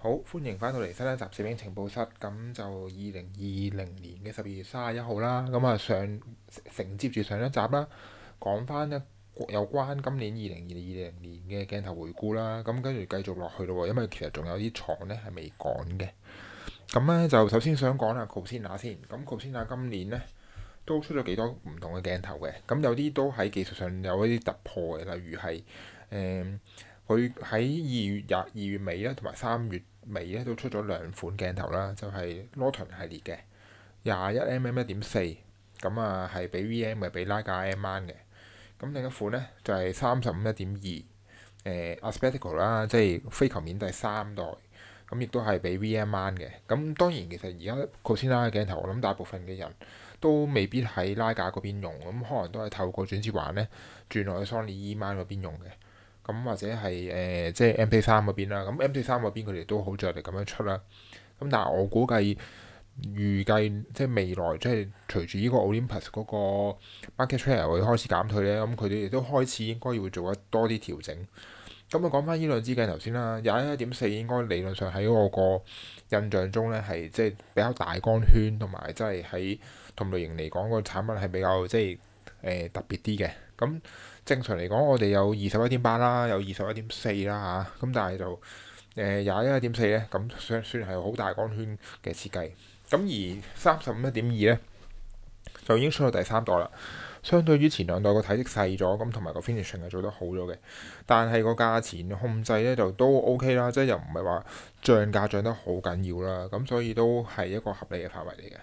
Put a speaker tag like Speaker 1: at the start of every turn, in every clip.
Speaker 1: 好，歡迎翻到嚟新一集攝影情報室。咁就二零二零年嘅十二月三十一號啦。咁啊上承接住上一集啦，講翻一有關今年二零二零年嘅鏡頭回顧啦。咁跟住繼續落去咯，因為其實仲有啲廠呢係未趕嘅。咁呢，就首先想講下 Cosina 先。咁 Cosina 今年呢都出咗幾多唔同嘅鏡頭嘅。咁有啲都喺技術上有一啲突破嘅，例如係佢喺二月廿二月尾咧，同埋三月尾咧都出咗兩款鏡頭啦，就係、是、Nokton 系列嘅廿一 mm 一點四，咁啊係畀 V M 嘅，畀拉架 M o 嘅。咁另一款呢，就係三十五一點二，誒 Aspherical 啦，即係非球面第三代，咁亦都係畀 V M o 嘅。咁當然其實而家 Cosina 嘅鏡頭，我諗大部分嘅人都未必喺拉架嗰邊用，咁可能都係透過轉接環呢，轉落去 Sony E mount 嗰邊用嘅。咁、嗯、或者係誒、呃，即係 M p 三嗰邊啦。咁 M p 三嗰邊佢哋都好着力咁樣出啦。咁、嗯、但係我估計預計即係未來，即係隨住呢個 Olympus 嗰個 market share 會開始減退咧，咁佢哋亦都開始應該會做得多啲調整。咁、嗯、啊，講翻呢兩支鏡頭先啦。廿一點四應該理論上喺我個印象中咧，係即係比較大光圈同埋即係喺同類型嚟講、個產品係比較即係、呃、特別啲嘅。咁正常嚟講、啊，我哋有二十一點八啦，有二十一點四啦嚇。咁但係就誒廿一點四呢，咁算算係好大光圈嘅設計。咁而三十五一點二呢，就已經出到第三代啦。相對於前兩代個體積細咗，咁同埋個 finishing 係做得好咗嘅。但係個價錢控制呢，就都 O K 啦，即係又唔係話漲價漲得好緊要啦。咁所以都係一個合理嘅範圍嚟嘅。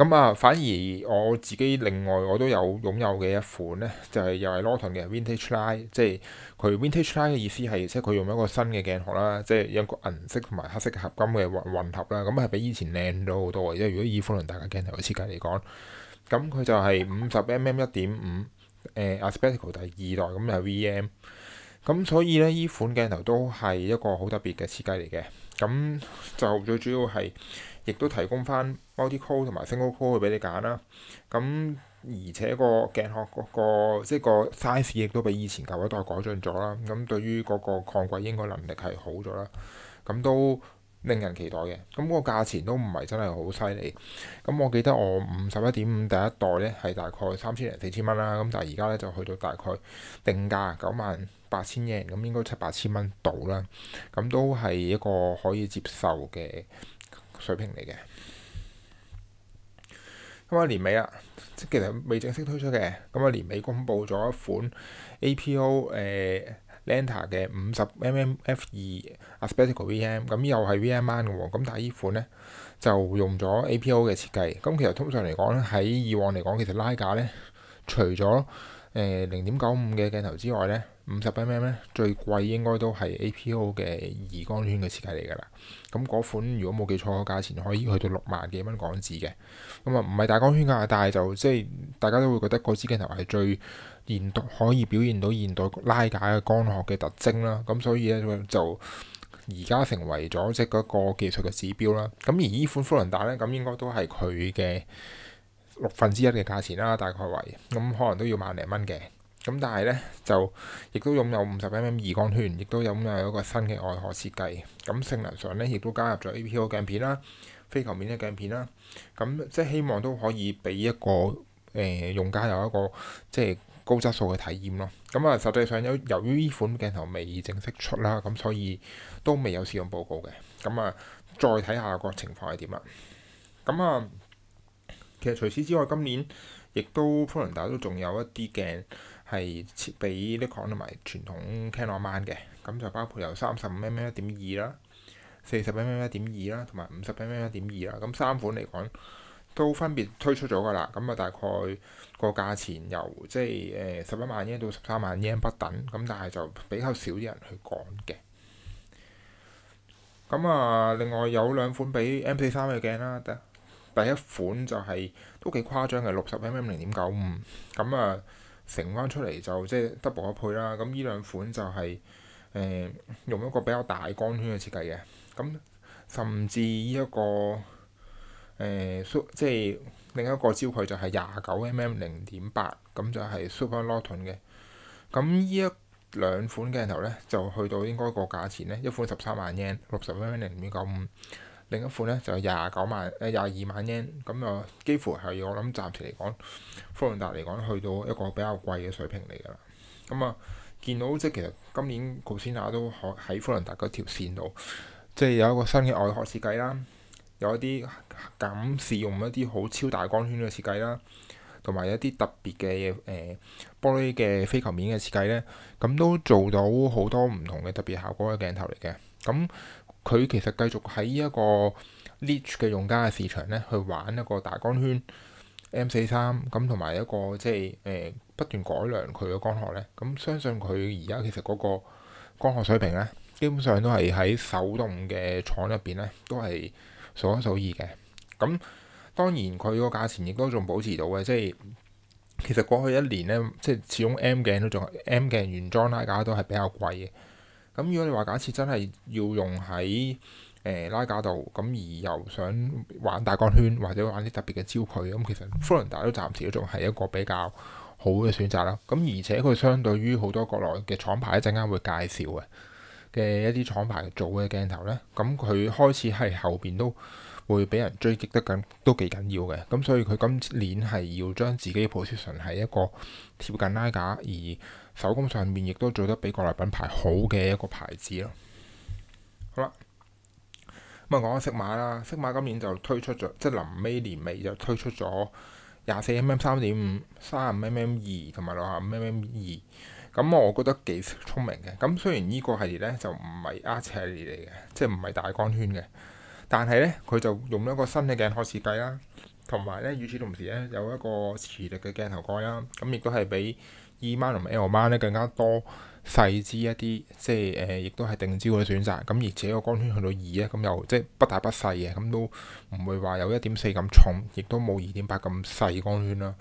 Speaker 1: 咁啊，反而我自己另外我都有擁有嘅一款呢，就係、是、又係 Nokton 嘅 Vintage Line，即係佢 Vintage Line 嘅意思係，即係佢用一個新嘅鏡殼啦，即係有一個銀色同埋黑色嘅合金嘅混混合啦，咁係比以前靚咗好多，多。因為如果以福倫達嘅鏡頭嘅設計嚟講，咁佢就係五十 mm 一點五，誒 As aspherical 第二代咁嘅 VM，咁所以呢，呢款鏡頭都係一個好特別嘅設計嚟嘅。咁就最主要係。亦都提供翻 multi core 同埋 single core 去俾你揀啦。咁而且個鏡殼、嗰個、嗰個即係個 size 亦都比以前舊一代改進咗啦。咁對於嗰個抗鬼應該能力係好咗啦。咁都令人期待嘅。咁個價錢都唔係真係好犀利。咁我記得我五十一點五第一代呢係大概三千零四千蚊啦。咁但係而家呢就去到大概定價九萬八千円，咁應該七八千蚊到啦。咁都係一個可以接受嘅。水平嚟嘅。咁啊年尾啦，即其實未正式推出嘅。咁啊年尾公布咗一款 A.P.O. 誒、呃、Lanta 嘅五十 mm f 二 aspherical V.M. 咁又係 V.M. One 嘅喎，咁但係呢款呢，就用咗 A.P.O. 嘅設計。咁其實通常嚟講，喺以往嚟講，其實拉架呢，除咗誒，零點九五嘅鏡頭之外呢，五十八 mm 咧，最貴應該都係 APO 嘅二光圈嘅設計嚟㗎啦。咁嗰款如果冇記錯，價錢可以去到六萬幾蚊港紙嘅。咁啊，唔係大光圈㗎，但係就即係大家都會覺得嗰支鏡頭係最現代可以表現到現代拉架嘅光學嘅特徵啦。咁所以呢，就而家成為咗即係嗰個技術嘅指標啦。咁而呢款福倫達呢，咁應該都係佢嘅。六分之一嘅價錢啦，大概為咁，可能都要萬零蚊嘅。咁但係呢，就亦都擁有五十 mm 二光圈，亦都有咁啊一個新嘅外殼設計。咁性能上呢，亦都加入咗 APO 鏡片啦、非球面嘅鏡片啦。咁即係希望都可以俾一個誒、呃、用家有一個即係高質素嘅體驗咯。咁啊，實際上有由於呢款鏡頭未正式出啦，咁所以都未有試用報告嘅。咁啊，再睇下個情況係點啦。咁啊～其實除此之外，今年亦都福倫達都仲有一啲鏡係設俾尼康同埋傳統 Canon 嘅，咁就包括有三十五 mm 一點二啦、四十 mm 一點二啦，同埋五十 mm 一點二啦。咁三款嚟講都分別推出咗㗎啦。咁啊，大概個價錢由即係十一萬 yen 到十三萬 yen 不等。咁但係就比較少啲人去講嘅。咁啊，另外有兩款俾 M 四三嘅鏡啦。第一款就係都幾誇張嘅，六十 mm 零點九五，咁啊乘翻出嚟就即係、就是、double 一倍啦。咁呢兩款就係、是、誒、呃、用一個比較大光圈嘅設計嘅，咁甚至呢、這、一個誒、呃、即係另一個焦距就係廿九 mm 零點八，咁就係 Super Nokton 嘅。咁呢一兩款鏡頭呢，就去到應該個價錢呢，一款十三萬 yen，六十 mm 零點九五。另一款咧，就係廿九萬誒，廿二萬 yen，咁啊幾乎係我諗暫時嚟講，福倫達嚟講去到一個比較貴嘅水平嚟㗎啦。咁啊見到即係其實今年高先下都可喺福倫達嗰條線度，即係有一個新嘅外殼設計啦，有一啲減試用一啲好超大光圈嘅設計啦，同埋有一啲特別嘅誒玻璃嘅飛球面嘅設計咧，咁都做到好多唔同嘅特別效果嘅鏡頭嚟嘅，咁。佢其實繼續喺依一個 niche 嘅用家嘅市場咧，去玩一個大光圈 M 四三，咁同埋一個即係誒、呃、不斷改良佢嘅光學咧。咁相信佢而家其實嗰個光學水平咧，基本上都係喺手動嘅廠入邊咧，都係數一數二嘅。咁當然佢個價錢亦都仲保持到嘅，即係其實過去一年咧，即係始終 M 鏡都仲係 M 鏡原裝啦，價都係比較貴嘅。咁如果你話假設真係要用喺誒、呃、拉架度，咁而又想玩大光圈或者玩啲特別嘅焦距，咁其實福倫達都暫時都仲係一個比較好嘅選擇啦。咁、啊、而且佢相對於好多國內嘅廠牌，一陣間會介紹嘅嘅一啲廠牌做嘅鏡頭呢，咁、啊、佢開始係後邊都會俾人追擊得緊都幾緊要嘅，咁所以佢今年係要將自己嘅 position 喺一個貼近拉架，而手工上面亦都做得比國內品牌好嘅一個牌子咯。好啦，咁啊講下色馬啦，色馬今年就推出咗，即係臨尾年尾就推出咗廿四 mm 三點五、卅五 mm 二同埋六十五 mm 二。咁我覺得幾聰明嘅。咁雖然呢個系列咧就唔係 Art 系列嚟嘅，即係唔係大光圈嘅。但係咧，佢就用一個新嘅鏡頭設計啦，同埋咧，與此同時咧，有一個磁力嘅鏡頭蓋啦，咁、嗯、亦都係比 E mount 同埋 L mount 咧更加多細緻一啲，即係誒，亦、呃、都係定焦嘅選擇。咁、嗯、而且個光圈去到二咧、嗯，咁又即係不大不細嘅，咁都唔會話有一點四咁重，亦都冇二點八咁細光圈啦。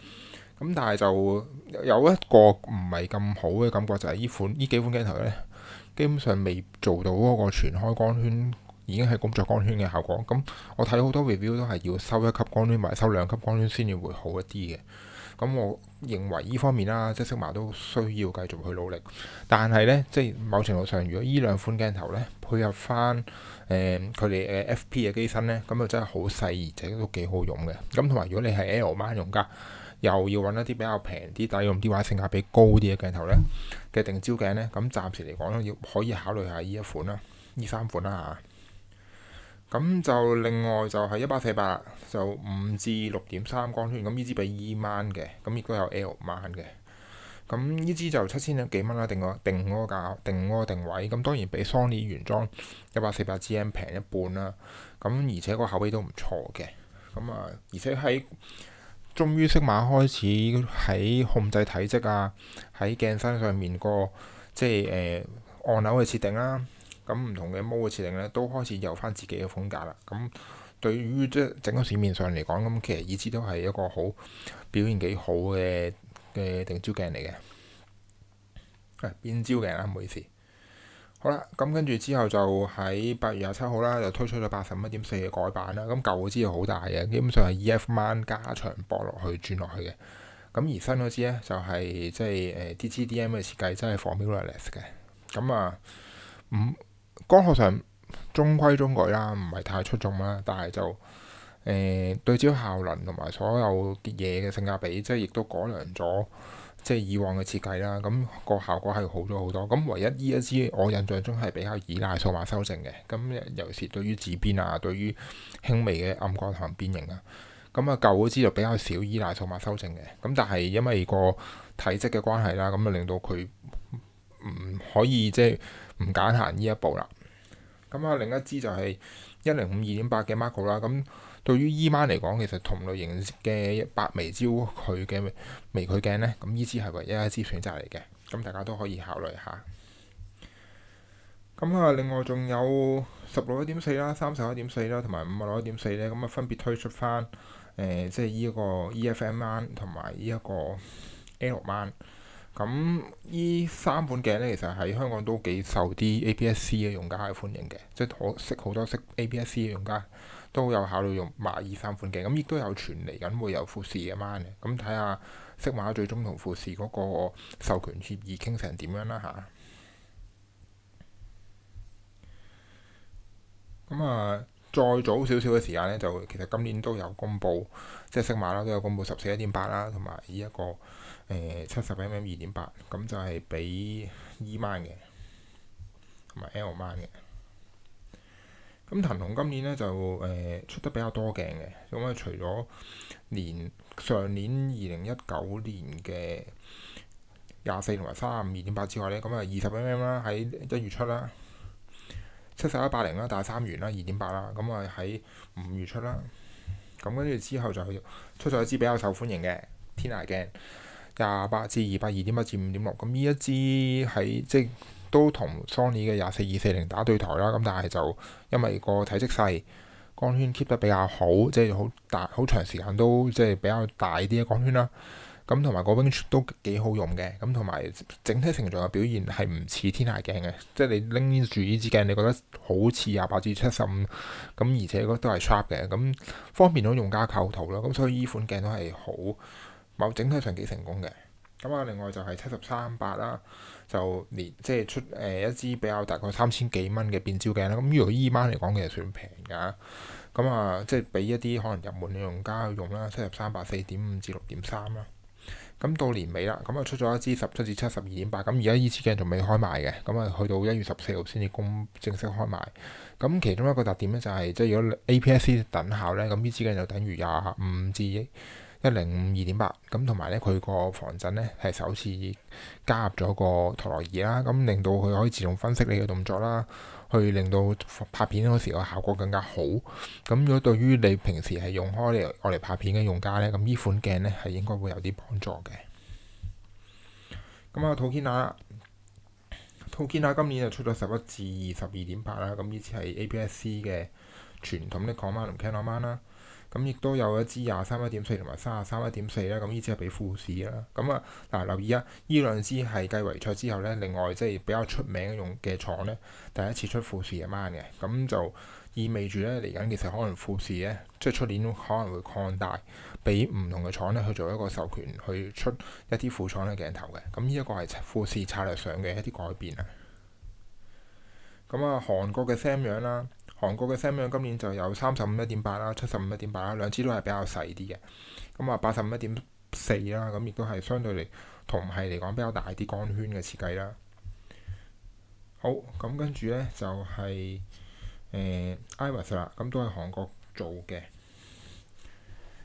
Speaker 1: 咁、嗯、但係就有一個唔係咁好嘅感覺就，就係呢款呢幾款鏡頭咧，基本上未做到嗰個全開光圈。已經係工作光圈嘅效果咁，我睇好多 review 都係要收一級光圈，埋收兩級光圈先至會好一啲嘅。咁我認為呢方面啦，即係色麻都需要繼續去努力。但係呢，即係某程度上，如果呢兩款鏡頭呢配合翻誒佢哋 FP 嘅機身呢，咁就真係好細而且都幾好用嘅。咁同埋如果你係 L.M. 用家，又要揾一啲比較平啲，但用啲話性價比高啲嘅鏡頭呢嘅定焦鏡呢，咁暫時嚟講要可以考慮下呢一款啦，呢三款啦、啊、嚇。咁就另外就係一百四百，就五至六點三光圈，咁呢支俾 E Mount 嘅，咁亦都有 L Mount 嘅。咁呢支就七千幾蚊啦，定個定嗰個價，定嗰個定位。咁當然比 Sony 原裝一百四百 GM 平一半啦、啊。咁而且個口碑都唔錯嘅。咁啊，而且喺終於 Sigma 開始喺控制體積啊，喺鏡身上面個即係、呃、按鈕嘅設定啦、啊。咁唔同嘅模嘅設定呢，都開始有翻自己嘅風格啦。咁對於即係整個市面上嚟講，咁其實依支都係一個好表現幾好嘅嘅定焦鏡嚟嘅。係、啊、變焦鏡啦，唔好意思。好啦，咁跟住之後就喺八月廿七號啦，又推出咗八十五點四嘅改版啦。咁舊嗰支係好大嘅，基本上係 E.F. mount 加長駁落去轉落去嘅。咁而新嗰支呢，就係即係誒 D.C.D.M 嘅設計，真係 Full Mirrorless 嘅。咁啊五。5, 光學上中規中矩啦，唔係太出眾啦，但係就誒、呃、對焦效能同埋所有嘅嘢嘅性價比，即係亦都改良咗即係以往嘅設計啦。咁、那個效果係好咗好多。咁唯一呢一支我印象中係比較依賴數碼修正嘅。咁尤其是對於紫邊啊，對於輕微嘅暗光同埋變形啊，咁啊舊嗰支就比較少依賴數碼修正嘅。咁但係因為個體積嘅關係啦，咁啊令到佢唔可以即係。唔揀行呢一步啦。咁、嗯、啊，另一支就係一零五二點八嘅 Macro 啦。咁對於 EMan 嚟講，其實同類型嘅百微焦佢嘅微距鏡呢，咁呢支係唯一一支選擇嚟嘅。咁大家都可以考慮下。咁啊，另外仲有十六一點四啦、三十一點四啦、同埋五十六一點四呢，咁啊分別推出翻誒、呃，即係呢一個 EFM Man 同埋呢一個 L 六 Man。咁依、嗯、三款鏡呢，其實喺香港都幾受啲 APS-C 嘅用家嘅歡迎嘅，即係可識好多識 APS-C 嘅用家都有，慮用、嗯、都有考慮用埋依三款鏡，咁亦都有傳嚟緊會有富士嘅嘛。咁睇下 Sigma 最終同富士嗰個授權協議傾成點樣啦吓，咁、嗯、啊～、嗯嗯嗯嗯再早少少嘅時間呢，就其實今年都有公布，即係星馬啦，都有公布十四一點八啦，同埋呢一個誒七十 mm 二點八，咁就係比 E mount 嘅，同埋 L mount 嘅。咁騰龍今年呢，就誒、呃、出得比較多鏡嘅，咁啊除咗年上年二零一九年嘅廿四同埋三十五二點八之外呢，咁啊二十 mm 啦，喺一月出啦。七十一八零啦，大三元啦，二點八啦，咁啊喺五月出啦，咁跟住之後就出咗一支比較受歡迎嘅天涯鏡，廿八至二百二點八至五點六，咁呢一支喺即都同 Sony 嘅廿四二四零打對台啦，咁但係就因為個體積細，光圈 keep 得比較好，即係好大好長時間都即係比較大啲嘅光圈啦。咁同埋個 wind 都幾好用嘅，咁同埋整體成像嘅表現係唔似天涯鏡嘅，即係你拎住呢支鏡，你覺得好似廿八至七十五咁，而且都係 sharp 嘅咁方便到用家構圖啦。咁、嗯、所以呢款鏡都係好某整體上幾成功嘅。咁、嗯、啊，另外就係七十三百啦，就連即係、就是、出誒、呃、一支比較大概三千幾蚊嘅變焦鏡啦。咁依依班嚟講其實算平㗎，咁、嗯、啊、嗯嗯、即係俾一啲可能入門用家去用啦，七十三百四點五至六點三啦。咁到年尾啦，咁啊出咗一支十七至七十二點八，咁而家呢支鏡仲未開賣嘅，咁啊去到一月十四號先至公正式開賣。咁其中一個特點咧就係，即係如果 A P SC 等效咧，咁呢支鏡就等於廿五至億一零五二點八，咁同埋呢，佢個防震呢，係首次加入咗個陀螺儀啦，咁令到佢可以自動分析你嘅動作啦，去令到拍片嗰時個效果更加好。咁如果對於你平時係用開嚟我哋拍片嘅用家呢，咁呢款鏡呢，係應該會有啲幫助嘅。咁啊，Tokina，Tokina，今年就出咗十一至二十二點八啦。咁呢次係 APS-C 嘅傳統的廣版 Canon mount 啦。咁亦都有一支廿三一點四同埋三十三一點四咧，咁呢支係俾富士啦。咁啊嗱，留意啊，呢兩支係繼圍賽之後咧，另外即係、就是、比較出名嘅用嘅廠咧，第一次出富士嘅 man 嘅，咁就意味住咧，嚟緊其實可能富士咧，即係出年可能會擴大俾唔同嘅廠咧去做一個授權去出一啲副廠嘅鏡頭嘅。咁呢一個係富士策略上嘅一啲改變啊。咁啊，韓國嘅 Samyang 啦。韓國嘅 Samyang 今年就有三十五一點八啦、七十五一點八啦，兩支都係比較細啲嘅。咁啊，八十五一點四啦，咁亦都係相對嚟同係嚟講比較大啲光圈嘅設計啦。好，咁跟住呢就係、是呃、Irix 啦，咁都係韓國做嘅。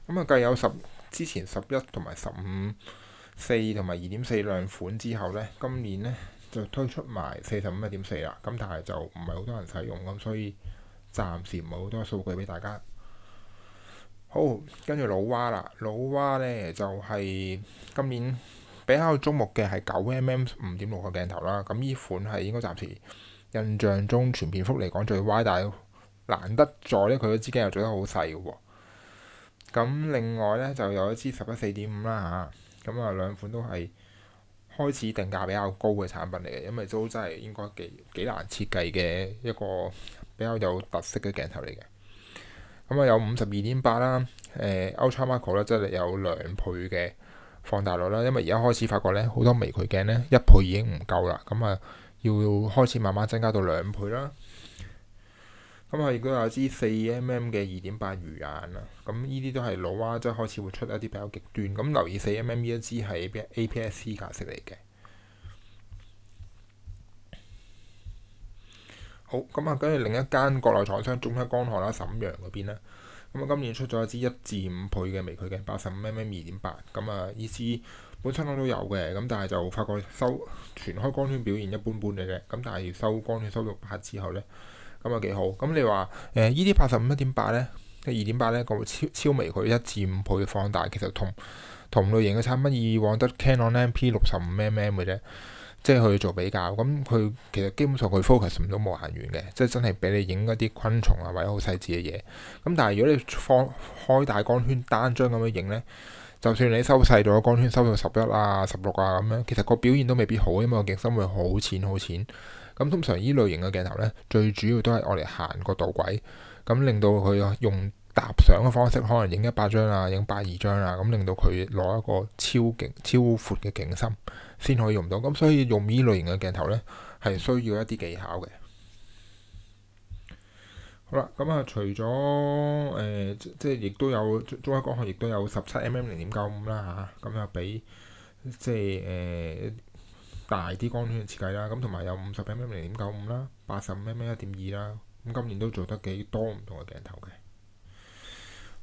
Speaker 1: 咁啊，計有十之前十一同埋十五四同埋二點四兩款之後呢，今年呢就推出埋四十五一點四啦。咁但係就唔係好多人使用咁，所以。暫時唔係好多數據俾大家。好，跟住老蛙啦，老蛙呢就係、是、今年比較矚目嘅係九 M M 五點六嘅鏡頭啦。咁呢款係應該暫時印象中全片幅嚟講最歪，但係難得在呢佢嘅支鏡又做得好細嘅喎。咁另外呢，就有一支十一四點五啦吓，咁啊兩款都係開始定價比較高嘅產品嚟嘅，因為都真係應該幾幾難設計嘅一個。比較有特色嘅鏡頭嚟嘅，咁啊有五十二點八啦，誒 Ultra Macro 咧，即係有兩倍嘅放大率啦，因為而家開始發覺呢，好多微距鏡呢，一倍已經唔夠啦，咁啊要開始慢慢增加到兩倍啦。咁啊亦都有一支四 mm 嘅二點八魚眼啦，咁呢啲都係老蛙、啊、即係開始會出一啲比較極端，咁留意四 mm 呢一支係 APS-C 格式嚟嘅。好，咁啊，跟住另一間國內廠商中，中一光學啦，沈陽嗰邊咧，咁啊今年出咗一支一至五倍嘅微距嘅八十五 mm 二點八，咁啊意思本身都都有嘅，咁但係就發覺收全開光圈表現一般般嘅啫。咁但係收光圈收到八之後呢，咁啊幾好。咁你話誒呢啲八十五一點八呢，即二點八呢，個超超微距一至五倍放大，其實同同類型嘅產品以往得 Canon MP-E 六十五 mm 嘅啫。即係去做比較，咁佢其實基本上佢 focus 唔到無限遠嘅，即係真係俾你影一啲昆蟲啊，或者好細緻嘅嘢。咁但係如果你放開大光圈單張咁樣影呢，就算你收細咗光圈收到十一啊、十六啊咁樣，其實個表現都未必好，因為個景深會好淺好淺。咁通常依類型嘅鏡頭呢，最主要都係我嚟行個導軌，咁令到佢用搭相嘅方式，可能影一百張啊，影百二張啊，咁令到佢攞一個超勁超闊嘅景深先可以用到。咁所以用呢類型嘅鏡頭呢，係需要一啲技巧嘅。好啦，咁啊，除咗誒、呃，即係亦都有中一光學，亦都有十七 mm 零、啊呃、點九五啦吓，咁又比即係誒大啲光圈嘅設計啦。咁同埋有五十 mm 零點九五啦，八十五 mm 一點二啦。咁今年都做得幾多唔同嘅鏡頭嘅。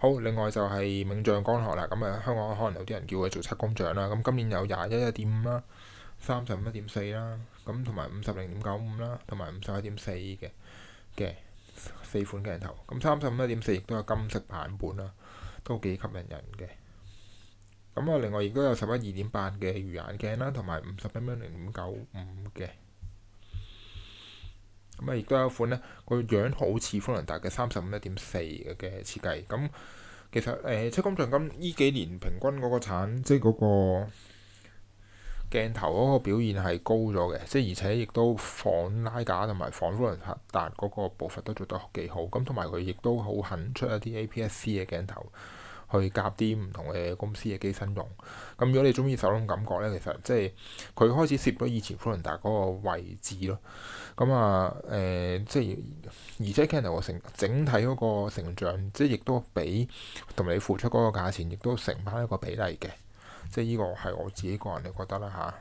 Speaker 1: 好，另外就係銘匠光學啦，咁啊香港可能有啲人叫佢做七工匠啦，咁今年有廿一一點五啦，三十五一點四啦，咁同埋五十零點九五啦，同埋五十一點四嘅嘅四款鏡頭，咁三十五一點四亦都有金色版本啦，都幾吸引人嘅。咁啊，另外亦都有十一二點八嘅魚眼鏡啦，同埋五十一點零五九五嘅。咁啊，亦都有一款呢個樣好似福倫達嘅三十五一點四嘅嘅設計。咁、嗯、其實誒，七工匠近呢幾年平均嗰個產，即係嗰、嗰個鏡頭嗰個表現係高咗嘅，即係而且亦都仿拉架同埋仿福倫達嗰個步伐都做得幾好。咁同埋佢亦都好肯出一啲 APS-C 嘅鏡頭。去夾啲唔同嘅公司嘅機身用，咁如果你中意手種感覺呢，其實即係佢開始攝到以前福倫達嗰個位置咯。咁啊，誒、呃，即係而且 camera 成整體嗰個成像，即係亦都比同你付出嗰個價錢，亦都成返一個比例嘅。即係呢個係我自己個人嘅覺得啦嚇。啊。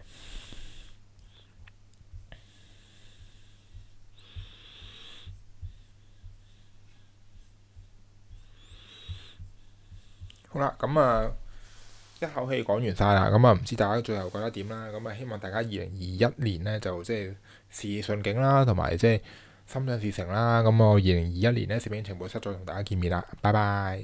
Speaker 1: 好啦，咁、嗯、啊，一口氣講完晒啦，咁、嗯、啊，唔知大家最後覺得點啦？咁、嗯、啊，希望大家二零二一年呢，就即係事事順景啦，同埋即係心想事成啦。咁我二零二一年呢，攝影情報室再同大家見面啦，拜拜。